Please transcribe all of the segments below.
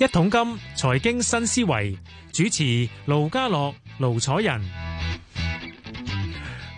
一桶金財經新思維，主持盧家樂、盧楚仁。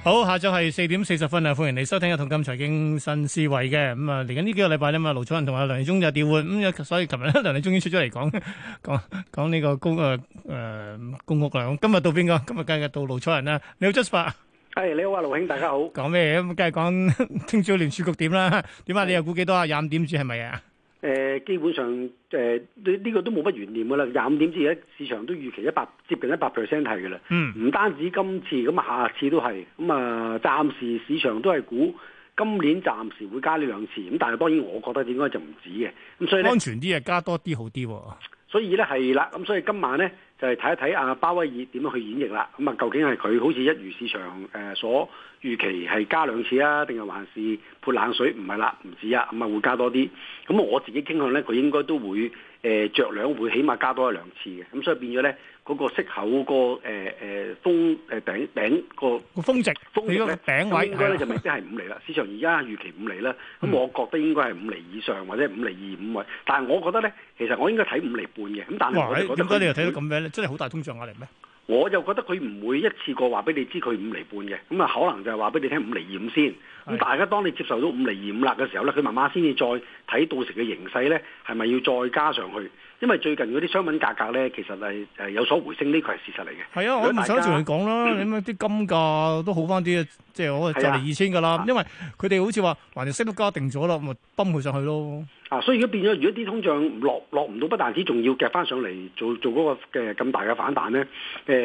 好，下晝係四點四十分啊！歡迎嚟收聽一桶金財經新思維嘅。咁啊！嚟緊呢幾個禮拜咧嘛，盧楚仁同阿梁義忠就調換，咁，所以琴日阿梁義忠先出咗嚟講講講呢個公，誒誒，公屋啦。咁今日到邊個？今日梗係到盧楚仁啦。你好，Jasper，係你好啊，盧兄，大家好。講咩？咁梗係講聽朝聯儲局點啦？點啊？你又估幾多啊？廿五點子係咪啊？誒、呃，基本上誒，呢、呃、呢、呢個都冇乜懸念噶啦，廿五點之前市場都預期一百接近一百 percent 係噶啦，唔、嗯、單止今次，咁啊下次都係，咁、嗯、啊、呃、暫時市場都係估今年暫時會加呢兩次，咁但係當然我覺得應該就唔止嘅，咁、嗯、所以安全啲啊，加多啲好啲。所以咧係啦，咁所以今晚咧。就係、是、睇一睇阿鮑威爾點樣去演繹啦。咁啊，究竟係佢好似一如市場誒所預期係加兩次啊，定係還是潑冷水？唔係啦，唔止啊，咁啊會加多啲。咁我自己傾向咧，佢應該都會誒著兩會，起碼加多一兩次嘅。咁所以變咗咧。嗰、那個息口、呃呃、個誒誒風誒頂頂個峰值，你個頂，頂位咧 就未必係五厘啦。市場而家預期五厘啦，咁、嗯、我覺得應該係五厘以上或者五厘二五位。但係我覺得咧，其實我應該睇五厘半嘅。咁但係我覺得點解你又睇到咁樣咧？真係好大通脹壓力咩？我就覺得佢唔會一次過話俾你知佢五厘半嘅。咁啊，可能就係話俾你聽五厘二五先。咁大家當你接受到五厘二五啦嘅時候咧，佢慢慢先至再睇到時嘅形勢咧，係咪要再加上去？因為最近嗰啲商品價格咧，其實係係有所回升，呢個係事實嚟嘅。係啊，我唔想同你講啦，你咪啲金價都好翻啲啊，即係我就嚟二千㗎啦。因為佢哋好似話環節息都加定咗啦，咪崩佢上去咯。啊！所以如果變咗，如果啲通脹落落唔到，不但止，仲要夾翻上嚟做做嗰、嗰個嘅咁大嘅反彈咧。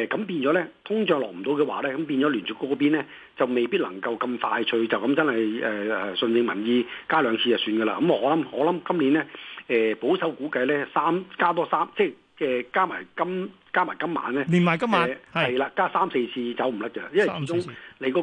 咁、呃、變咗咧，通脹落唔到嘅話咧，咁變咗聯儲局嗰邊咧，就未必能夠咁快脆就咁真係誒、呃、順應民意加兩次就算噶啦。咁、嗯、我諗我諗今年咧、呃、保守估計咧三加多三，即係加埋金。加埋今晚咧，連埋今晚係啦、呃，加三四次走唔甩嘅，因為始終你嗰、那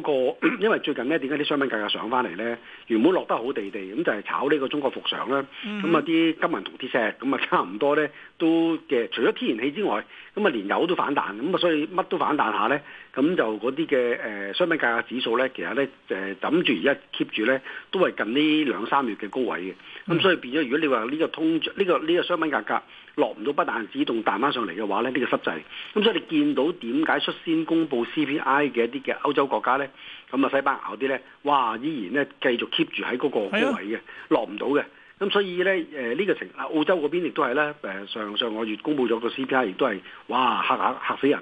個，因為最近咧，點解啲商品價格上翻嚟咧？原本落得好地地，咁就係炒呢個中國服上啦。咁啊啲金銀同鐵石，咁啊差唔多咧，都嘅。除咗天然氣之外，咁啊連油都反彈，咁啊所以乜都反彈下咧。咁就嗰啲嘅誒商品價格指數咧，其實咧誒枕住而家 keep 住咧，都係近呢兩三月嘅高位嘅。咁、mm. 所以變咗，如果你話呢個通呢、呢個呢、呢個商品價格落唔到不但止動彈翻上嚟嘅話咧，呢、呢個濕滯。咁所以你見到點解率先公布 CPI 嘅一啲嘅歐洲國家咧，咁啊西班牙啲咧，哇依然咧繼續 keep 住喺嗰個高位嘅，落唔到嘅。咁所以咧呢、呃呢個情啊澳洲嗰邊亦都係咧上上個月公布咗個 CPI 亦都係哇嚇，嚇死人。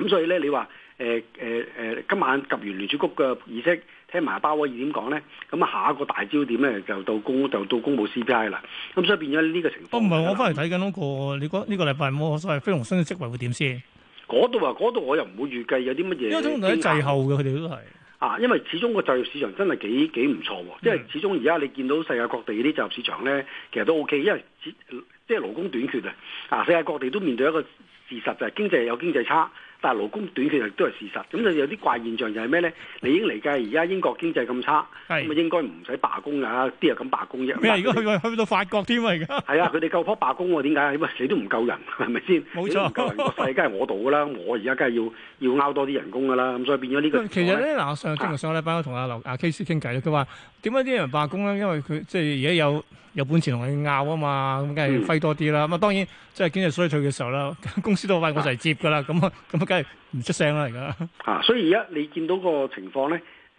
咁所以咧你話，誒誒誒，今晚及完聯儲局嘅議息，聽埋鮑威爾點講咧，咁啊，下一個大焦點咧就到公就到公佈 CPI 啦。咁所以變咗呢個情況。哦，唔係，我翻嚟睇緊嗰個，啊、你呢個禮拜五所謂非龍升嘅職位會點先？嗰度啊，嗰度我又唔會預計有啲乜嘢。因為通嘅佢哋都係啊，因為始終個就業市場真係幾幾唔錯喎、嗯。即係始終而家你見到世界各地啲就業市場咧，其實都 O、OK, K，因為即即勞工短缺啊。啊，世界各地都面對一個事實就係、是、經濟有經濟差。但係勞工短缺亦都係事實，咁就有啲怪現象就係咩咧？你已應嚟㗎，而家英國經濟咁差，咁啊應該唔使罷工㗎、啊，啲人咁罷工、啊，咩嚟？而家去去到法國添啊，而家係啊，佢哋夠撲罷工喎、啊？點解？因為死都唔夠人，係咪先？冇錯，唔夠人個世界係我度㗎啦，我而家梗係要。要拗多啲人工噶啦，咁所以變咗呢個。其實咧，嗱，上日星期上個禮拜我同阿劉阿 K c 傾偈咧，佢、啊啊啊、話點解啲人罷工咧？因為佢即係而家有有本錢同佢拗啊嘛，咁梗係要揮多啲啦。咁啊當然,當然即係經濟衰退嘅時候啦，公司都為我哋接噶啦，咁啊咁啊梗係唔出聲啦而家。啊，所以而家你見到個情況咧。誒、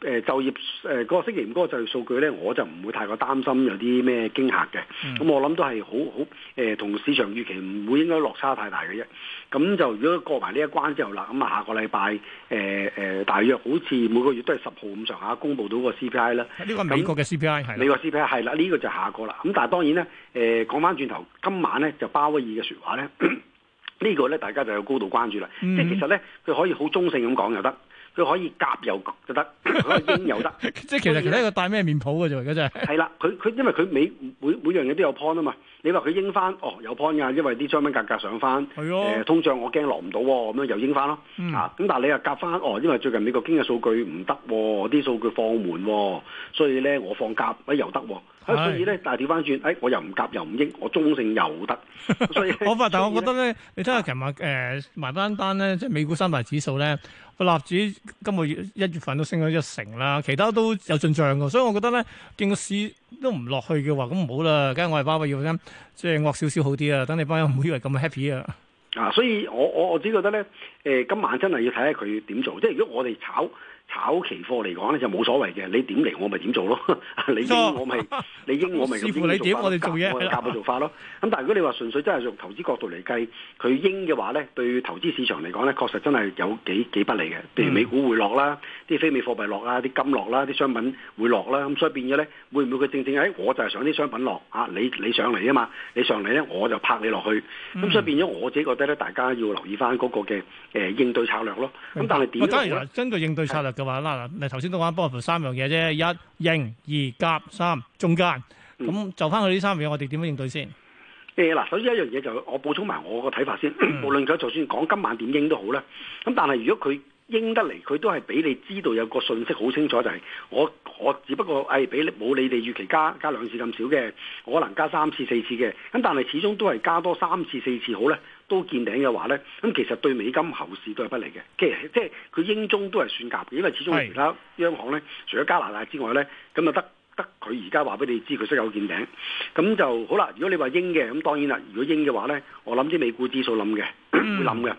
呃呃、就業誒個、呃、星期五嗰個就業數據咧，我就唔會太過擔心有啲咩驚嚇嘅。咁、嗯、我諗都係好好誒同市場預期唔會應該落差太大嘅啫。咁就如果過埋呢一關之後啦，咁啊下個禮拜誒大約好似每個月都係十號咁上下公佈到個 CPI 啦。呢個美國嘅 CPI 係美國 CPI 係啦，呢、這個就下個啦。咁但係當然咧，誒講翻轉頭，今晚咧就鮑威爾嘅說話咧， 這個、呢個咧大家就有高度關注啦。即、嗯、其實咧，佢可以好中性咁講又得。佢可以鴿又鴿就得，佢鷹又得。 即係其實其係一個戴咩面譜嘅啫，而家真係。係啦，佢佢因為佢每每每樣嘢都有 point 啊嘛。你話佢鷹翻，哦有 point 㗎，因為啲商品價格，格上翻，誒、呃、通脹我驚落唔到，咁樣又鷹翻咯。咁、嗯啊、但係你又鴿翻，哦因為最近美國經濟數據唔得，啲數據放緩，所以咧我放鴿喂，又、呃、得。啊、所以咧，但係調翻轉，誒、哎，我又唔夾又唔應，我中性又得。我話， 但係我覺得咧，你睇下，琴日誒埋單單咧，即、呃、係、啊、美股三大指數咧，個納指今個月一月份都升咗一成啦，其他都有進賬噶，所以我覺得咧，見個市都唔落去嘅話，咁唔好啦，梗係我係鮑威爾要金，即係惡少少好啲啊，等你班友唔好以為咁 happy 啊。啊，所以我我我只覺得咧，誒、呃，今晚真係要睇下佢點做，即係如果我哋炒。炒期貨嚟講咧就冇所謂嘅，你點嚟我咪點做咯、 哦，你鷹我咪，你鷹我咪咁點做，我哋教嘅做法咯。咁 但係如果你話純粹真係用投資角度嚟計，佢鷹嘅話咧對投資市場嚟講咧確實真係有幾幾不利嘅，譬如美股會落啦，啲非美貨幣落啊，啲金落啦，啲商品會落啦，咁所以變咗咧會唔會佢正正誒我就係想啲商品落啊，你你上嚟啊嘛，你上嚟咧我就拍你落去，咁所以變咗我自己覺得咧大家要留意翻嗰個嘅誒應對策略咯。咁但係點解？如根據應對策略。就話嗱嗱，頭先都講，不過三樣嘢啫，一應，二夾，三中間。咁就翻佢呢三樣嘢，我哋點樣應對先？誒、嗯、嗱，首先一樣嘢就我補充埋我個睇法先、嗯。無論佢就算講今晚點應都好咧，咁但係如果佢應得嚟，佢都係俾你知道有個訊息好清楚，就係、是、我我只不過誒俾冇你哋預期加加兩次咁少嘅，可能加三次四次嘅，咁但係始終都係加多三次四次好咧。都見頂嘅話咧，咁其實對美金後市都係不利嘅。其實即係佢英中都係算夾嘅，因為始終其他央行咧，除咗加拿大之外咧，咁就得得佢而家話俾你知佢息有見頂。咁就好啦。如果你話英嘅，咁當然啦。如果英嘅話咧，我諗啲美股指數冧嘅、嗯，會冧嘅。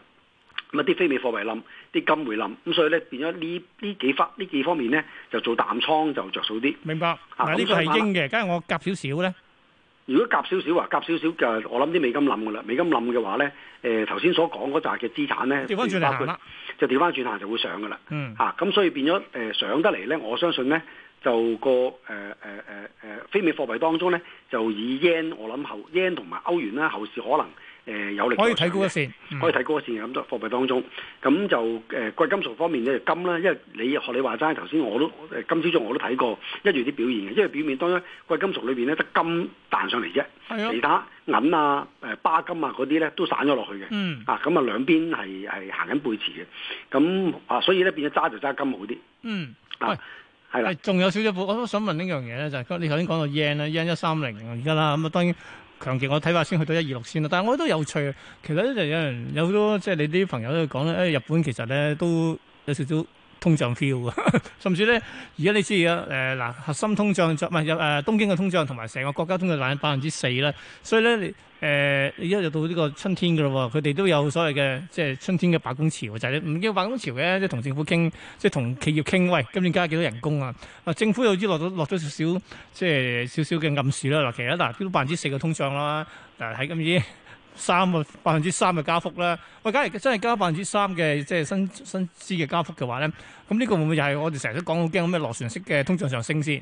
咁啊啲非美貨幣冧，啲金會冧。咁所以咧變咗呢呢幾忽呢幾方面咧，就做淡倉就着數啲。明白。嗱呢個係英嘅，梗係我夾少少咧。如果夾少少、呃、啊，夾少少嘅，我諗啲美金冧嘅啦，美金冧嘅話咧，誒頭先所講嗰扎嘅資產咧，掉翻轉嚟行啦，就掉翻轉下就會上嘅啦，嚇、嗯、咁、啊、所以變咗誒、呃、上得嚟咧，我相信咧就個誒誒誒誒非美貨幣當中咧就以 yen 我諗後 yen 同埋歐元啦，後市可能。誒、呃，有力可以睇高一線，可以睇高一線，咁多貨幣當中，咁就誒貴、呃、金屬方面咧，金啦，因為你學你話齋頭先，才我都今朝早我都睇過，一住啲表現嘅，因為表面當然貴金屬裏邊咧得金彈上嚟啫，其他銀啊誒、呃、鈀金啊嗰啲咧都散咗落去嘅，啊咁啊兩邊係係行緊背馳嘅，咁啊所以咧變咗揸就揸金好啲，嗯，係、啊啊嗯啊就是、啦，仲有少少，我都想問呢樣嘢咧，就係你頭先講到 yen 啦，yen 一三零而家啦，咁啊當然。強勁，我睇下先去到一二六先啦。但係我覺得有趣，其實咧就有人有好多即係你啲朋友都講咧，誒日本其實咧都有少少。通脹 feel 啊，甚至咧，而家你知啊，誒、呃、嗱核心通脹就唔係誒東京嘅通脹，同埋成個國家通脹率百分之四啦。所以咧，你誒而家就到呢個春天噶咯喎，佢哋都有所謂嘅即係春天嘅罷工潮，就係你唔叫罷工潮嘅，即係同政府傾，即係同企業傾喂，今年加幾多人工啊？嗱，政府又啲落咗落咗少少，即係少少嘅暗示啦。嗱，其實嗱，到百分之四嘅通脹啦，嗱喺今次。三嘅百分之三嘅加幅啦，喂，假如真係加百分之三嘅即係新薪資嘅加幅嘅話咧，咁呢個會唔會又係我哋成日都講好驚咁咩螺旋式嘅通脹上升先？誒、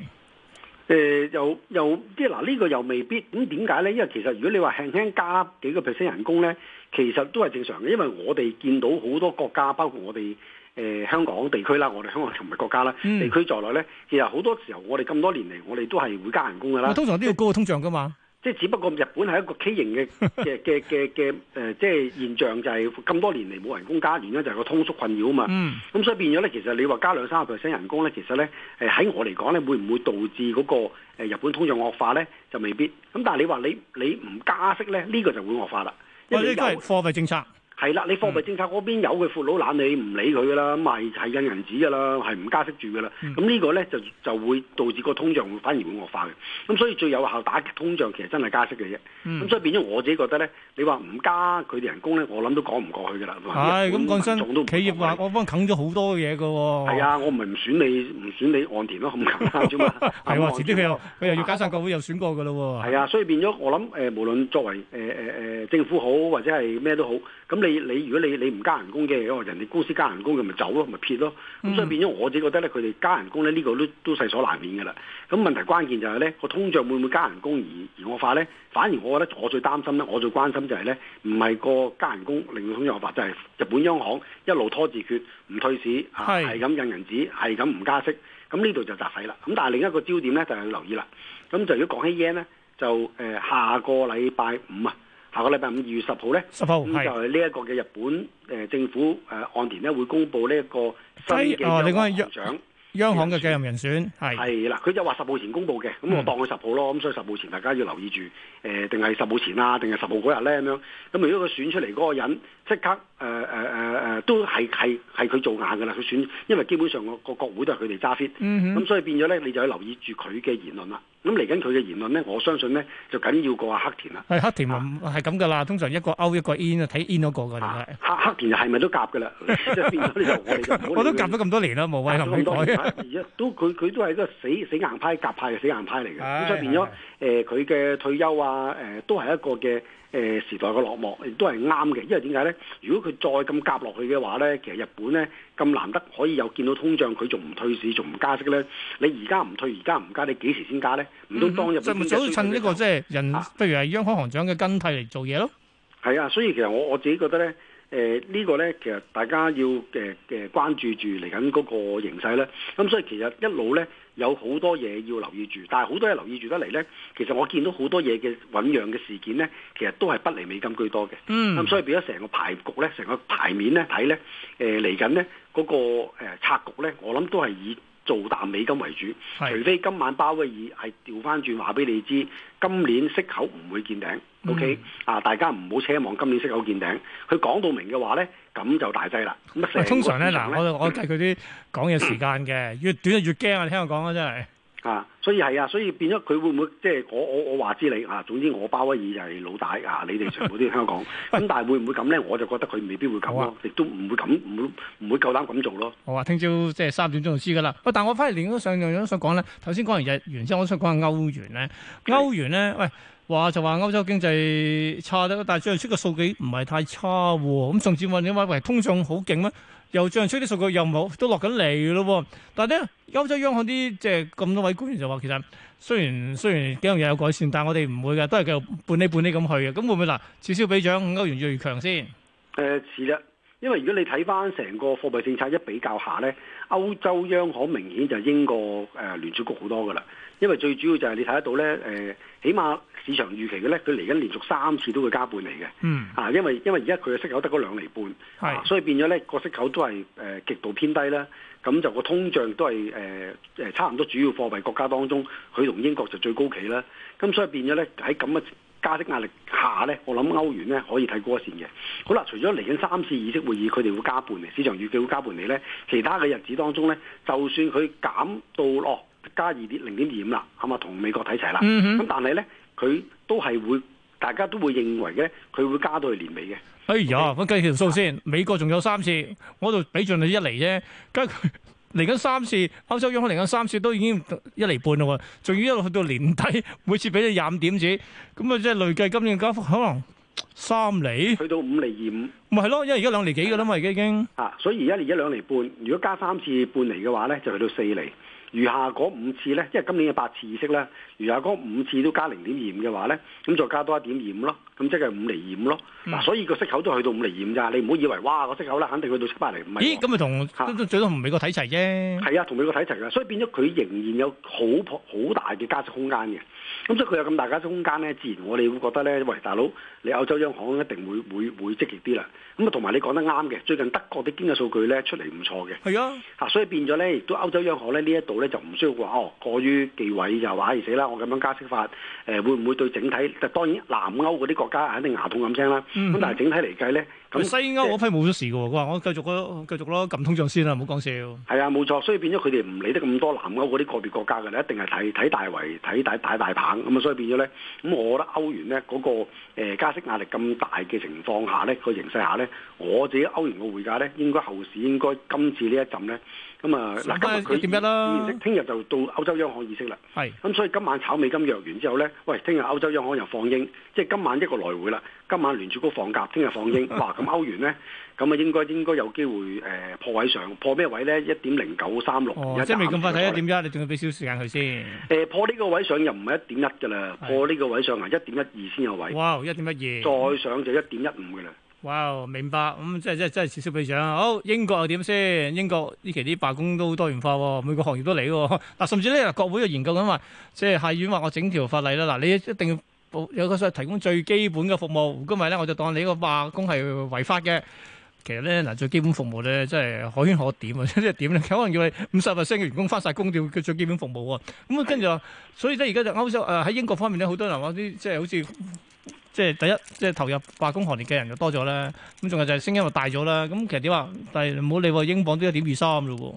呃，又又即係嗱，呢、這個又未必。咁點解咧？因為其實如果你話輕輕加幾個 percent 人工咧，其實都係正常嘅。因為我哋見到好多國家，包括我哋誒、呃、香港地區啦，我哋香港同埋國家啦、嗯、地區在內咧，其實好多時候我哋咁多年嚟，我哋都係會加人工噶啦。通常都要高個通脹噶嘛。即係只不過日本係一個畸形嘅嘅嘅嘅嘅誒，即係現象就係咁多年嚟冇人工加，原因就係、是、個通縮困擾啊嘛。咁、嗯嗯、所以變咗咧，其實你話加兩三個 percent 人工咧，其實咧誒喺我嚟講咧，會唔會導致嗰個日本通脹惡化咧？就未必。咁但係你話你你唔加息咧，呢、這個就會惡化啦。因為呢個係貨幣政策。係啦，你貨幣政策嗰邊有佢，闊佬懶，你唔理佢噶啦，咁咪係印緊銀紙噶啦，係唔加息住噶啦。咁、嗯、呢個咧就就會導致個通脹反而會惡化嘅。咁所以最有效打擊通脹，其實真係加息嘅啫。咁、嗯、所以變咗我自己覺得咧，你話唔加佢哋人工咧，我諗都講唔過去㗎啦。係，咁講真，哎、企業話我幫佢啃咗好多嘢㗎喎。係啊，我唔係唔選你，唔選你岸田咯，咁啃啦啫嘛。係話佢又佢又要解散國會，又選過㗎啦、哦。係啊，所以變咗我諗誒、呃，無論作為誒誒誒政府好，或者係咩都好。咁你你如果你你唔加人工嘅，哦人哋公司加人工就，佢咪走咯，咪撇咯。咁所以變咗，我自己覺得咧，佢哋加人工咧，呢、呢個都都勢所難免嘅啦。咁問題關鍵就係咧，個通脹會唔會加人工而而惡化咧？反而我覺得我最擔心咧，我最關心就係咧，唔係個加人工令到通脹惡化，就係、是、日本央行一路拖字決，唔退市係咁、啊、印銀紙，係咁唔加息。咁呢度就紮使啦。咁但係另一個焦點咧，就係、是、要留意啦。咁就如果講起日圓就、呃、下個禮拜五啊。下個禮拜五二月十號咧，十號咁、嗯、就係呢一個嘅日本誒、呃、政府誒、呃呃、岸田咧會公布呢一個新嘅行長，哦，你講係央，央行嘅繼任人選係係啦，佢、嗯、就話十號前公布嘅，咁我當佢十號咯，咁所以十號前大家要留意住誒，定、呃、係十號前啊，定係十號嗰日咧咁樣，咁如果佢選出嚟嗰個人即刻誒誒誒誒。呃呃呃呃都係係係佢做眼噶啦，佢選，因為基本上個個國會都係佢哋揸 fit，咁所以變咗咧，你就要留意住佢嘅言論啦。咁嚟緊佢嘅言論咧，我相信咧就緊要過阿黑田啦。係黑田係咁噶啦，通常一個勾一個 in, 看 in、那個、啊，睇 in 嗰個㗎，係黑黑田係咪都夾噶啦？即 係變咗 我，我都夾咗咁多年啦，冇謂咁多。而家都佢佢都係一個死死硬派夾派嘅死硬派嚟嘅，咁 就變咗誒佢嘅退休啊誒、呃、都係一個嘅。誒時代嘅落幕，亦都係啱嘅，因為點解咧？如果佢再咁夾落去嘅話咧，其實日本咧咁難得可以有見到通脹，佢仲唔退市，仲唔加息咧？你而家唔退，而家唔加，你幾時先加咧？唔都當日本、嗯？就唔早就趁呢、這個即係人，譬如係央行行長嘅更替嚟做嘢咯。係啊，啊，所以其實我我自己覺得咧。誒、呃、呢、呢個呢，其實大家要誒誒、呃呃、關注住嚟緊嗰個形勢，呢，咁所以其實一路呢，有好多嘢要留意住，但係好多嘢留意住得嚟呢，其實我見到好多嘢嘅醖釀嘅事件呢，其實都係不離美金居多嘅。嗯，咁所以變咗成個牌局呢，成個牌面呢，睇呢誒嚟緊呢嗰、嗰個策、呃、局呢，我諗都係以。做淡美金為主，除非今晚鮑威爾係調翻轉話俾你知，今年息口唔會見頂，O K 啊，大家唔好奢望今年息口見頂。佢講到明嘅話呢，咁就大劑啦、啊。通常呢，嗱，我我計佢啲講嘢時間嘅、嗯，越短就越驚啊！你聽我講啊，真係。啊，所以係啊，所以變咗佢會唔會即係、就是、我我我話知你啊？總之我鮑威爾就係老大啊！你哋全部都要聽我講咁 但係會唔會咁咧？我就覺得佢未必會咁啊，亦都唔會咁，唔會唔會夠膽咁做咯。好啊，哦、聽朝即係三點鐘就知噶啦、哦。喂，但我反而連都上樣樣都想講咧。頭先講完日元之後，我想講下歐元咧。歐元咧，喂，話就話歐洲經濟差得，但係最後出個數據唔係太差喎。咁上次問你話喂，為通脹好勁咩？又漲出啲數據又，又冇都落緊嚟嘅咯。但係咧，歐洲央行啲即係咁多位官員就話，其實雖然雖然幾樣嘢有改善，但係我哋唔會嘅，都係繼續半呢半呢咁去嘅。咁會唔會嗱此消彼長，歐元越嚟越強先？誒、呃，遲啦。因為如果你睇翻成個貨幣政策一比較下咧，歐洲央行明顯就係鷹過誒聯儲局好多噶啦。因為最主要就係你睇得到咧，誒、呃，起碼市場預期嘅咧，佢嚟緊連續三次都會加半厘嘅。嗯。啊，因為因為而家佢嘅息口得嗰兩釐半，係、啊，所以變咗咧個息口都係誒、呃、極度偏低啦。咁就個通脹都係誒誒差唔多主要貨幣國家當中，佢同英國就最高企啦。咁所以變咗咧喺咁嘅。加息壓力下咧，我諗歐元咧可以睇過線嘅。好啦，除咗嚟緊三次議息會議，佢哋會加半厘，市場預計會加半厘咧。其他嘅日子當中咧，就算佢減到哦加二點零點二五啦，係嘛，同美國睇齊啦。咁、嗯、但係咧，佢都係會，大家都會認為咧，佢會加到去年尾嘅。哎呀，我計條數先，美國仲有三次，我度俾盡你一厘啫，計佢。嚟緊三次，歐洲央行嚟緊三次都已經一厘半咯喎，仲要一路去到年底，每次俾你廿五點子，咁啊，即係累計今年加幅可能三厘，去到五厘二五，咪係咯，因為而家兩厘幾嘅啦嘛，而家已經，啊，所以而家而家兩厘半，如果加三次半厘嘅話咧，就去到四厘。餘下嗰五次咧，即係今年嘅八次議息咧，餘下嗰五次都加零點二五嘅話咧，咁再加多一點二五咯，咁即係五厘二五咯。嗱、嗯啊，所以個息口都去到五厘二五咋，你唔好以為哇、個息口啦，肯定去到七八厘五咪。咦？咁咪同最多最多同美國睇齊啫。係啊，同美國睇齊啊，所以變咗佢仍然有好好大嘅加息空間嘅。咁所以佢有咁大加息空間咧，自然我哋會覺得咧，喂，大佬你歐洲央行一定會會會積極啲啦。咁啊，同埋你講得啱嘅，最近德國啲經濟數據咧出嚟唔錯嘅。係啊。嚇、啊，所以變咗咧，都歐洲央行咧呢一度。就唔需要話哦，過於忌諱就唉死啦！我咁樣加息法，誒、呃、會唔會對整體？但當然，南歐嗰啲國家肯定牙痛咁聲啦。咁、嗯、但係整體嚟計咧，咁西歐嗰批冇咗事嘅喎。佢、就、話、是、我繼續咯，繼續咯，撳通脹先啦，唔好講笑。係啊，冇錯，所以變咗佢哋唔理得咁多南歐嗰啲個別國家嘅，啦，一定係睇睇大圍睇大，大大大棒咁啊！所以變咗咧，咁我覺得歐元咧嗰個加息壓力咁大嘅情況下咧，個形勢下咧，我自己歐元嘅匯價咧，應該後市應該今次呢一陣咧。咁啊！嗱，今日佢點樣啦？聽日就到歐洲央行議息啦。係。咁所以今晚炒美金弱完之後咧，喂，聽日歐洲央行又放鷹，即係今晚一個來回啦。今晚聯儲局放鴿，聽日放鷹。 哇！咁歐元咧，咁啊，應該應該有機會誒破位上，破咩位咧？一點零九三六。哦，即係未咁快睇一點一，你仲要俾少時間佢先。誒、呃，破呢個位上又唔係一點一㗎啦，破呢個位上係一點一二先有位。哇！一點一二。再上就一點一五㗎啦。哇、wow，明白咁，嗯、即係即係即係少少避障好，英國又點先？英國呢期啲罷工都好多元化喎，每個行業都嚟喎。嗱，甚至咧，國會又研究緊話，即係下院話我整條法例啦。嗱，你一定要有個提供最基本嘅服務，如果唔係咧，我就當你呢個罷工係違法嘅。其實咧，嗱，最基本服務咧，真係可圈可點啊！即係點咧？可能叫你五十 percent 嘅員工返晒工，叫佢最基本服務喎。咁啊，跟住話，所以咧，而家就歐洲啊、喺、呃、英國方面咧，多呢好多人話啲即係好似。即係第一，即係投入化工行列嘅人又多咗就多咗啦。咁仲有就係聲音又大咗啦。咁其實點話？但係唔好理喎，英鎊都一點二三啦喎。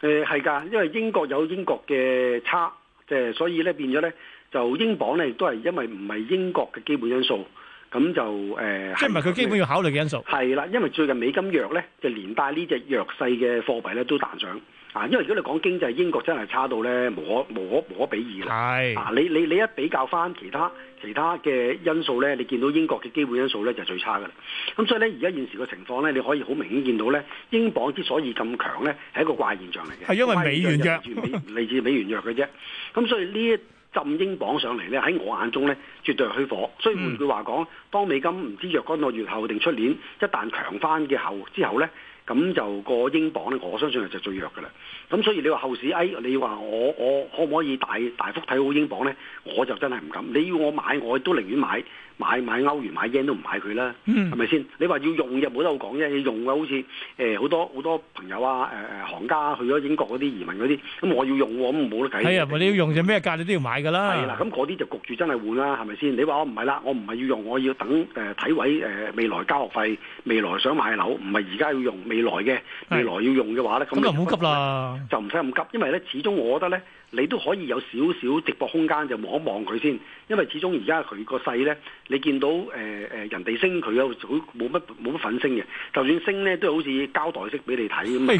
誒係㗎，因為英國有英國嘅差，即係所以咧變咗咧就英鎊咧都係因為唔係英國嘅基本因素，咁就誒、呃。即係唔係佢基本要考慮嘅因素？係啦，因為最近美金弱咧，就連帶呢隻弱勢嘅貨幣咧都彈上。啊，因為如果你講經濟，英國真係差到咧，無可無可無可比擬啦。係啊，你你你一比較翻其他其他嘅因素咧，你見到英國嘅基本因素咧就係最差嘅啦。咁所以咧，而家現時嘅情況咧，你可以好明顯見到咧，英鎊之所以咁強咧，係一個怪現象嚟嘅。係因為美元弱住，嚟自美元弱嘅啫。咁 所以呢一浸英鎊上嚟咧，喺我眼中咧，絕對係虛火。所以換句話講，嗯，當美金唔知若干個月後定出年，一旦強翻嘅後之後咧。咁就個英鎊咧，我相信係就最弱嘅啦。咁所以你話後市，哎，你話我我可唔可以大大幅睇好英鎊咧？我就真係唔敢。你要我買，我都寧願買。買買歐元買 yen 都唔買佢啦，係咪先？你話要用嘅冇得要好講啫，要用嘅好似誒，好多好多朋友啊，誒誒、呃、行家去咗英國嗰啲，移民嗰啲，咁我要用我，咁冇得計。係、哎、啊，你要用就咩價你都要買噶啦。係啦，咁嗰啲就焗住真係換啦，係咪先？你話我唔係啦，我唔係要用，我要等誒睇、呃、位誒、呃、未來交學費，未來想買樓，唔係而家要用，未來嘅未來要用嘅話咧，咁就唔好急啦，就唔使咁急，因為咧始終我覺得咧。你都可以有少少值博空間，就望一望佢先，因為始終而家佢個勢咧，你見到、呃、人哋升，佢有好冇乜冇乜粉升嘅，就算升咧都好似膠袋式俾你睇咁。咩？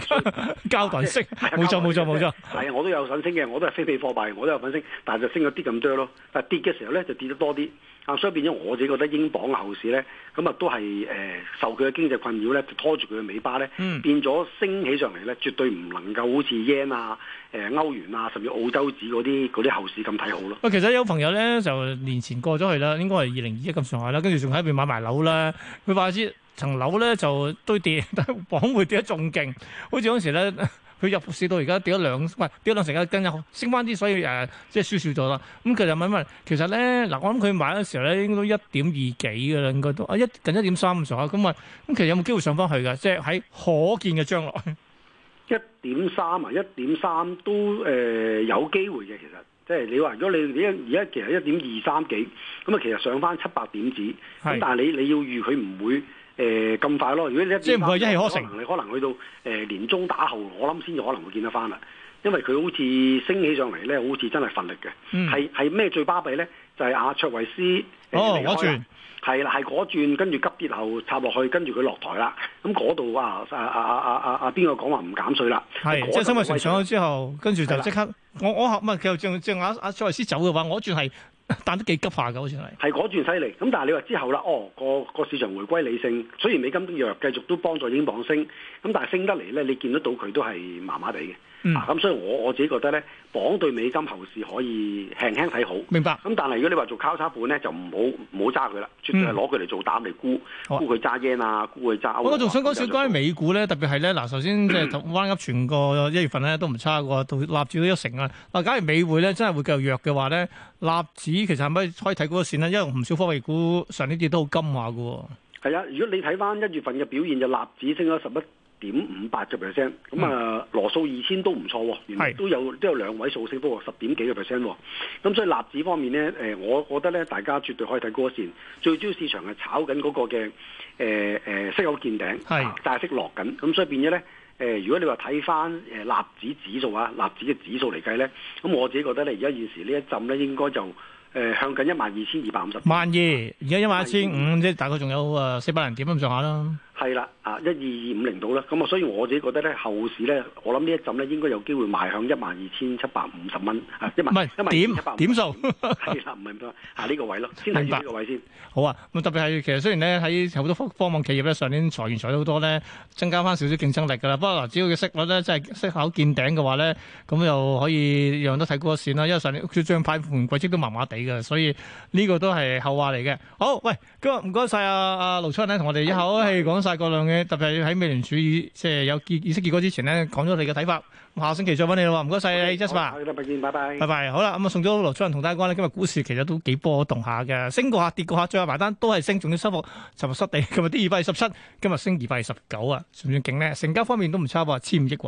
膠 袋式？冇錯冇錯冇錯，係啊、就是沒沒是沒，我都有粉升嘅，我都係非幣貨幣，我都有粉升，但係就升咗啲咁多咯，但係跌嘅時候咧就跌得多啲。啊！所以變咗，我自己覺得英鎊嘅後市咧，咁啊都係誒、呃、受佢嘅經濟困擾咧，就拖住佢嘅尾巴咧，變咗升起上嚟咧，絕對唔能夠好似日圓啊、誒、呃、歐元啊，甚至澳洲紙嗰啲嗰啲後市咁睇好咯。喂，其實有朋友咧就年前過咗去啦，應該係二零二一咁上下啦，跟住仲喺度買埋樓啦。佢話知層樓咧就都跌，但係鎊匯跌得仲勁，好似嗰時咧。佢入市到而家跌咗兩，喂、哎、跌兩成一斤升翻啲，所以誒即係輸少咗啦。咁其實問問，其實咧嗱，我諗佢買嘅時候咧應該都一點二幾嘅啦，應該都啊一近一點三咁上下。咁啊咁其實有冇機會上翻去嘅？即係喺可見嘅將來一點三啊，一點三都誒、呃、有機會嘅。其實即係你話，如果你而家其實一點二三幾咁啊，其實上翻七八點子咁，但係你你要預佢唔會。誒、呃，咁快咯？如果你即係唔係一氣呵成？你可,可能去到誒、呃、年中打後，我諗先至可能會見得返啦。因為佢好似升起上嚟咧，好似真係乏力嘅。係、嗯、咩最巴閉咧？就係、是、阿、啊、卓維斯。哦，嗰轉係啦，係嗰轉跟住急跌後插落去，跟住佢落台啦。咁嗰度啊啊啊啊啊啊！邊、啊啊啊啊、個講話唔減稅啦？係即係新尾上上去之後，跟住就即刻。我我嚇其實即阿阿卓維斯走嘅話，我轉係。但都幾急化嘅，好似係係嗰轉犀利。咁但係你話之後啦，哦個、個市場回歸理性，雖然美金弱，繼續都幫助英鎊升。咁但係升得嚟咧，你見得到佢都係麻麻地嘅。咁、嗯啊、所以我我自己覺得咧，綁對美金後市可以輕輕睇好。明白。咁、嗯、但係如果你話做交叉盤咧，就唔好唔好揸佢啦，絕對係攞佢嚟做膽嚟沽。沽佢揸 yen 啊，沽佢揸。我仲想講少少關於美股咧，特別係咧，嗱、就是，首先即係彎鴨全個一月份咧都唔差喎，到納指都一成啊。嗱，假如美匯咧真係會繼續弱嘅話咧，納指其實係咪可以睇嗰個線咧？因為唔少科技股上呢跌都好金話嘅。係啊，如果你睇翻一月份嘅表現，就納指升咗十一。點五八嘅 percent，咁啊羅素二千都唔錯喎，原來都有都有兩位數升幅，十點幾個 percent 喎，咁所以納指方面咧，誒我覺得咧，大家絕對可以睇高線。最主要市場係炒緊嗰個嘅誒誒息口見頂，係但係息落緊，咁所以變咗咧誒，如果你話睇翻誒納指指數啊，納指嘅指數嚟計咧，咁我自己覺得咧，而家現時呢一浸咧應該就誒向緊一萬二千二百五十萬二，而家一萬一千五，即係大概仲有誒四百零點咁上下啦。係啦，啊，一二二五零度啦，咁啊，所以我自己覺得咧，後市咧，我諗呢一陣咧應該有機會賣向一萬二千七百五十蚊，一萬點一百點數，係啦，唔係咁多，啊 呢個位咯，明白？先睇住呢個位先好啊！咁特別係其實雖然咧喺好多科科網企業咧，上年裁員裁咗好多咧，增加翻少少競爭力㗎啦。不過嗱，只要嘅息率咧真係息口見頂嘅話咧，咁又可以樣樣都睇高一線啦。因為上年佢將派紅股積都麻麻地㗎，所以呢個都係後話嚟嘅。好，喂，今日唔該晒啊啊盧楚仁呢同我哋一口氣、哎、講。晒嗰量嘅，特別係喺美聯儲即係有結議息結果之前咧，講咗你嘅睇法。下星期再揾你咯，唔該晒 j a s t 爸。好, yes, 好，再見，拜拜。拜拜，bye bye. 好啦，咁啊，送咗盧楚仁同大家講咧，今日股市其實都幾波動下嘅，升過下跌過下，最後埋單都係升，仲要收復尋日失地。今日啲二百二十七，今日升二百二十九啊，算唔算勁咧？成交方面都唔差，千五億。